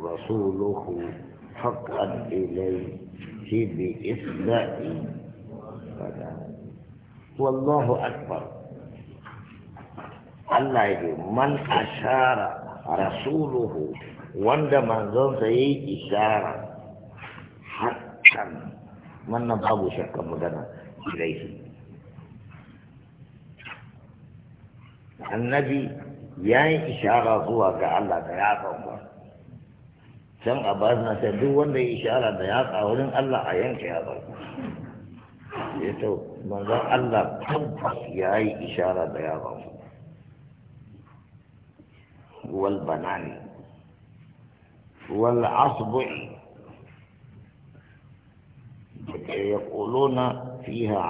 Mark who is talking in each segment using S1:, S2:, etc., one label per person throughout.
S1: رسوله حقا إليه بإثباء والله أكبر الله يقول من أشار رسوله وند من ظن إشارة حقا من نبغى شكا مدنا إليه النبي يعني إشارة هو قال الله يا رب can a ba na sai duk wanda ya ishara da yatsa wurin Allah a yanka yatsa ya to manzon Allah tabbas ya yi ishara da yatsa wal banani wal asbu'i يقولون فيها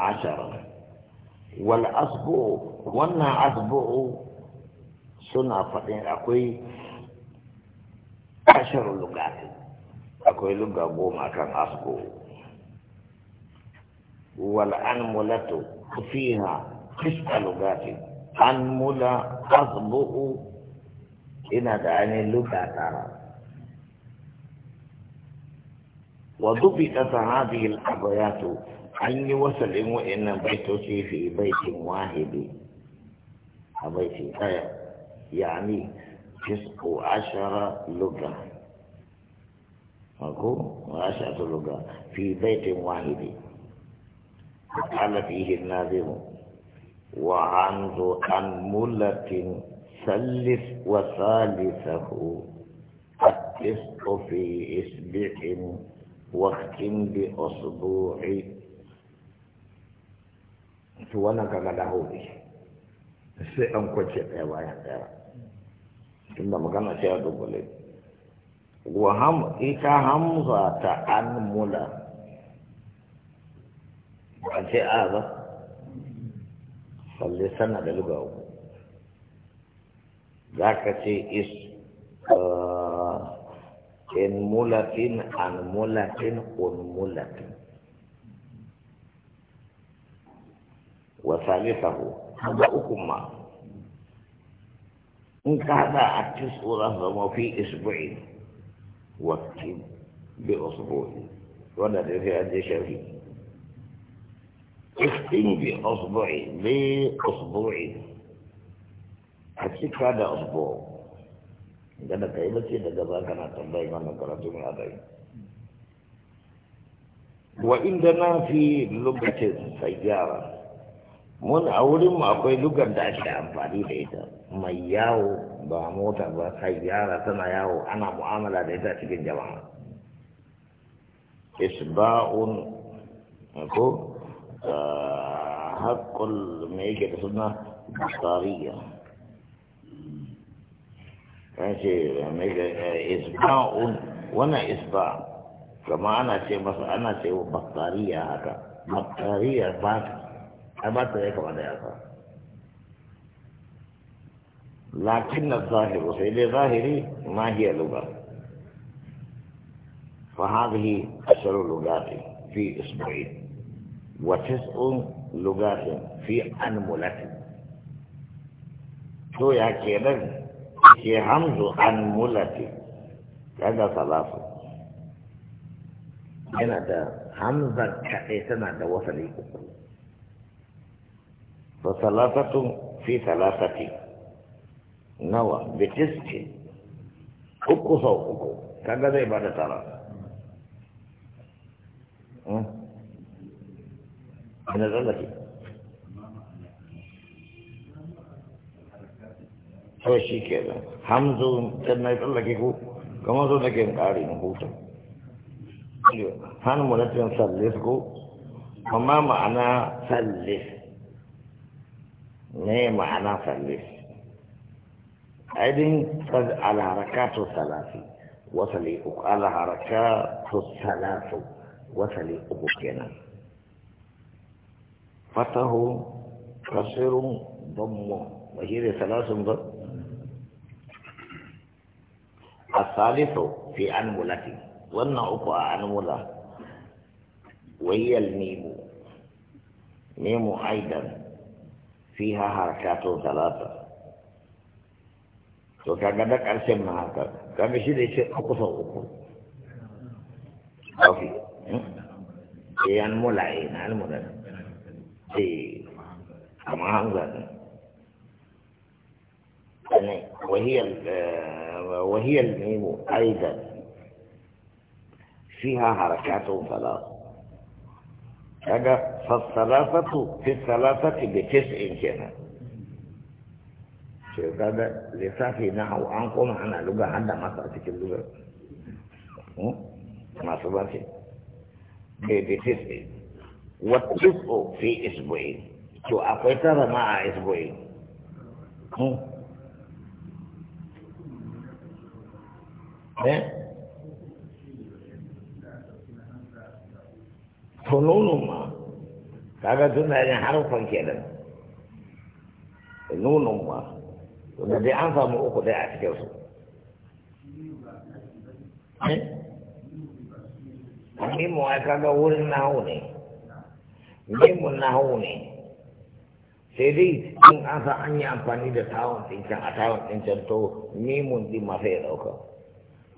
S1: Wal asbu'u, wannan asbu'u suna fadin akwai. ashirin lugati akwai lugga goma kan asko wal an mulatu fiha tisa lugati an mula asbu'u ina da ainihin lugga tara wa dubitat hadhihi al abayat an yi wasalin wa'annan baitoci fi baitin wahidi a baiti daya yani tis'u ashara lugati مفهوم واسعة اللغة في بيت واحد قال فيه الناظم وعنه عن ملة ثلث وثالثه التسع في إسبع واختم بأسبوع سوانا كما به sai an kwace ɗaya bayan ɗaya tunda magana sai وهم إيكا همزة ملا وأتي آبا صلي سنة للقوم ذاك تي إس آه إن عن ملتين أن ملتين وثالثه هذا أكما إن كان التسع رغم في أسبوعين wakil bi osbohi wanda da fi an shari ifin bi osbohi bi osbohi a cika da osbo ka yi mace daga za ka tambayi mana karatu mai adai wa inda na fi lokacin sayyara mun a wurin mu akwai lugar da ake amfani da ita mai yawo ba mota ba yara tana yawo ana mu'amala da ita cikin jama'a isba'un ko haqqul meke da sunna tariya ya ce mai isba'un wannan isba kuma ana ce masa ana ce wa baktariya haka bakariya ba ta ba ta ya kama da yasa لكن الظاهر في ظاهري ما هي لغة فهذه عشر لغات في أسبوعين وتسع لغات في أنملة تو يا كيرن في همز أنملة هذا ثلاثة هنا ده همزة كأيتنا ده وصلي فثلاثة في ثلاثة nawa bitis uku sau uku kaga zai bada tara hmm? ina shi ke da hamzu tsallake ku zo da ke na hutu hannu sallis ku amma ma'ana sallis ne ma'ana sallis عدن قد على ركعت الثلاث وصلي على ركعت الثلاث وصلي أبوكينا فتح كسر ضمه وهي ثلاث ضم الثالث في أنملة وأن أقوى أنملة وهي الميم ميم أيضا فيها حركات ثلاثة to kaga da ƙarshen ma haka kaga shi da ce a kusa uku ofi e an mulaye na almunan e kama hamza ne وهي الميم أيضا فيها حركات ثلاث هذا فالثلاثة في الثلاثة بتسع كده ce kaga lissafi na hau an koma ana luga har masa a cikin lugar hmm? masu ba ce daidaitis ne wato fi isbu'i to akwai tara ma a isbu'i ne tununu ma kaga tunanin harfan kenan nunun ma wanda dai an samu uku ɗaya a cikin su mimu eh? ai kaga wurin na hau ne na hau ne sai dai in an sa an yi amfani da tawon ɗinkin a tawon ɗinkin to mimun ɗin ma sai ya ɗauka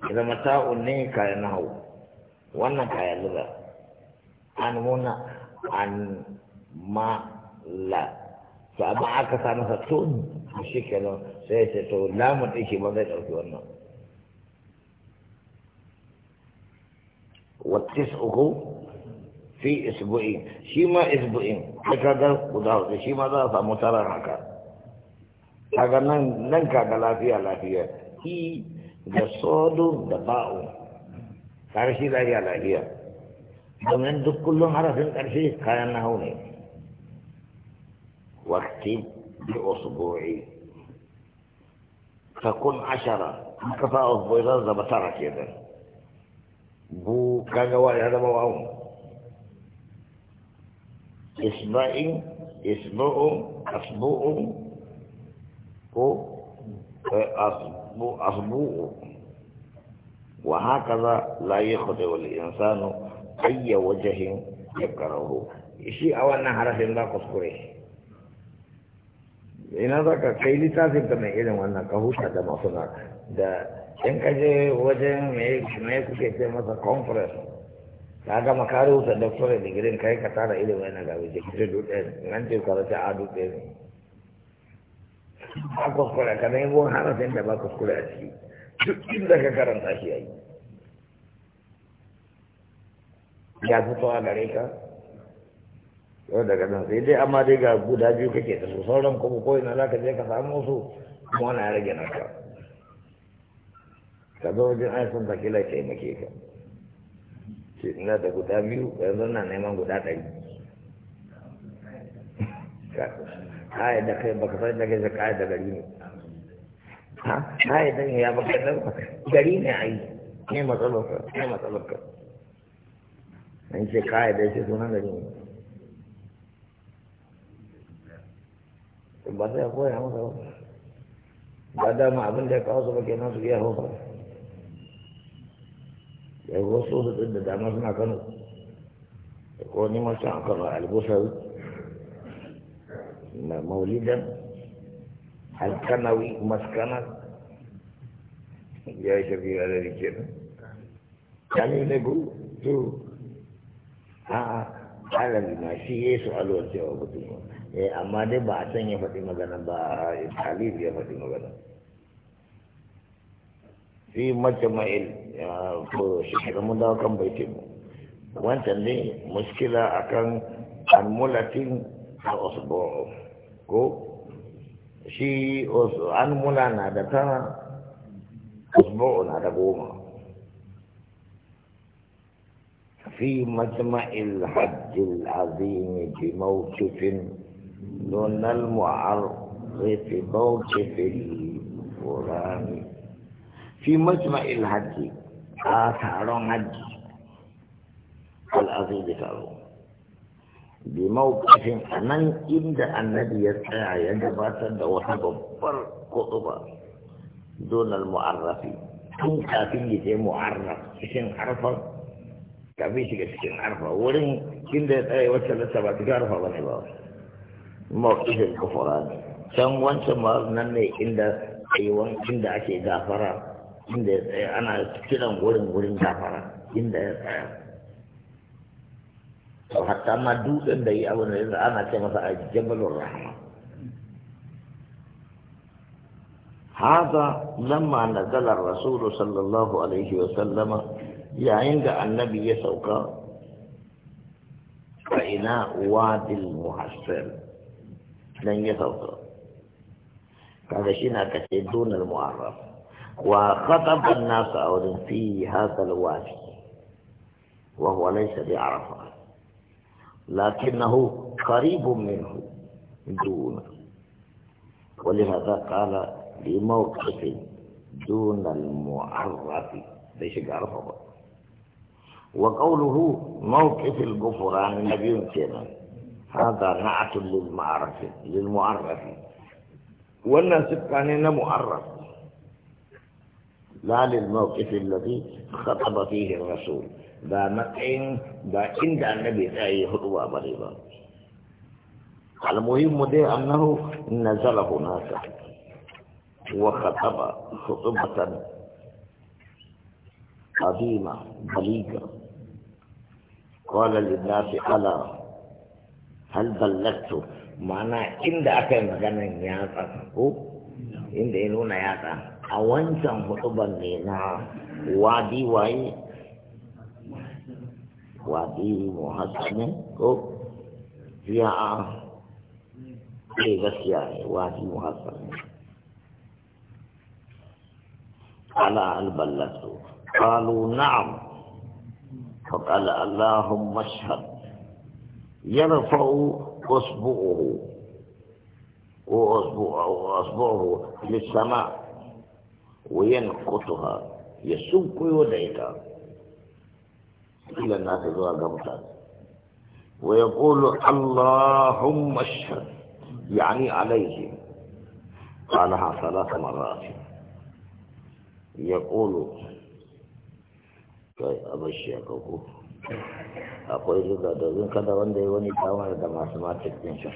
S1: ya zama ta'un ne kayan hau, wannan kayan lura an muna an ma la to amma aka sa masa tun shi kenan sai ce to lamun ɗin في اسبوعين شيما اسبوعين هكذا وده شيما ده فمترى هكا هكا نن كذا لا هي ده صاد كارشي لا فيها ومن دك كارشي هوني واكتب بأسبوعي تكون عشرة كفاء أسبوعي هذا بترى كده بو كان جوالي هذا موعون إسبوعي أسبوع أسبوع هو أسبوع أسبوع وهكذا لا يخطئ الإنسان أي وجه يكره شيء أو أن حرف لا كفره ina za ka kai littafin ka mai irin wannan ka huta da masu na da yan kaje wajen mai kuke ce masa conference ka gama ka rubuta doctorate degree kai ka tara ilimin yana gabe je kusa dutse nan ce ka rasa a ɗaya ne ba kuskure ka nemo sai da ba kuskure a ciki duk inda ka karanta shi yi ya fito a gare ka yau daga nan sai dai amma dai ga guda biyu kake da su sauran kuma ko ina za ka je ka samu su kuma wani ya rage naka ka zo wajen ai sun ka kila taimake ka ce ina da guda biyu yanzu na neman guda ɗari kayan da kai baka san da kai kayan da gari ne ha kayan da ya baka san gari ne ai ne matsalar ka ne matsalar ka an ce kai da yake sunan gari ne ba sai a koya masa ba ba dama abin da ya kawo su ba kenan su iya hausa ya yi wasu su da dama suna kano da ko ni masu an kafa albusar na maulidan halkanawi maskana ya yi shafi a da kenan kani ne bu to a alal ma shi yesu alwar cewa mutum eh amma dai ba a san ya faɗi magana ba talib ya faɗi magana fi majma'il ko shi da mun dawo kan baiti mu wancan ne muskila akan almulatin ta usbu ko shi almula na da ta usbu na da goma في مجمع الحج العظيم بموقف دون المعرف موقف القرآن في مجمع الحج آثار حج العزيز قالوا بموقف أن عند النبي يسعى يجب أن فرق قطبة دون المعرف كم كافين يجي معرف اسم عرفة كافين يجي اسم عرفة ورين كندا تأي وصلت سبعة عرفة ونبوة mawaƙi da ne. can wancan ma nan ne inda aiwon inda ake gafara inda ya tsaya ana kiran wurin wurin gafara inda ya tsaya to hatta ma dutsen da yi abu da ana ce masa a jabalun rahama haza lamma nazalar rasulu sallallahu alaihi wa sallama yayin da annabi ya sauka fa ina wadil muhassir لن يفوق هذا شيء نكتب دون المعرف وخطب الناس أولا في هذا الوادي وهو ليس بعرفة لكنه قريب منه دون ولهذا قال لموقف دون المعرف ليس بعرفة وقوله موقف الغفران النبي كنا هذا نعت للمعرفة للمعرفة ولا سبقان يعني معرف لا للموقف الذي خطب فيه الرسول ذا متعين ذا عند النبي أي خطوة بريبا المهم دي أنه نزل هناك وخطب خطبة قديمة بليغة قال للناس ألا هل بلغت معنى عند ده أكي نياتا ياتا عند ده نياتا أوان سام خطبا لنا وادي واي وادي محسن كو يا أي بس يعني وادي محسن على هل قالوا نعم فقال اللهم اشهد يرفع أصبعه وأصبعه للسماء وينقطها يسوق يديك إلى الناس ذو ويقول اللهم اشهد يعني عليه قالها ثلاث مرات يقول طيب akwai zuba, domin kada wanda ya wani damar da masu matakin shi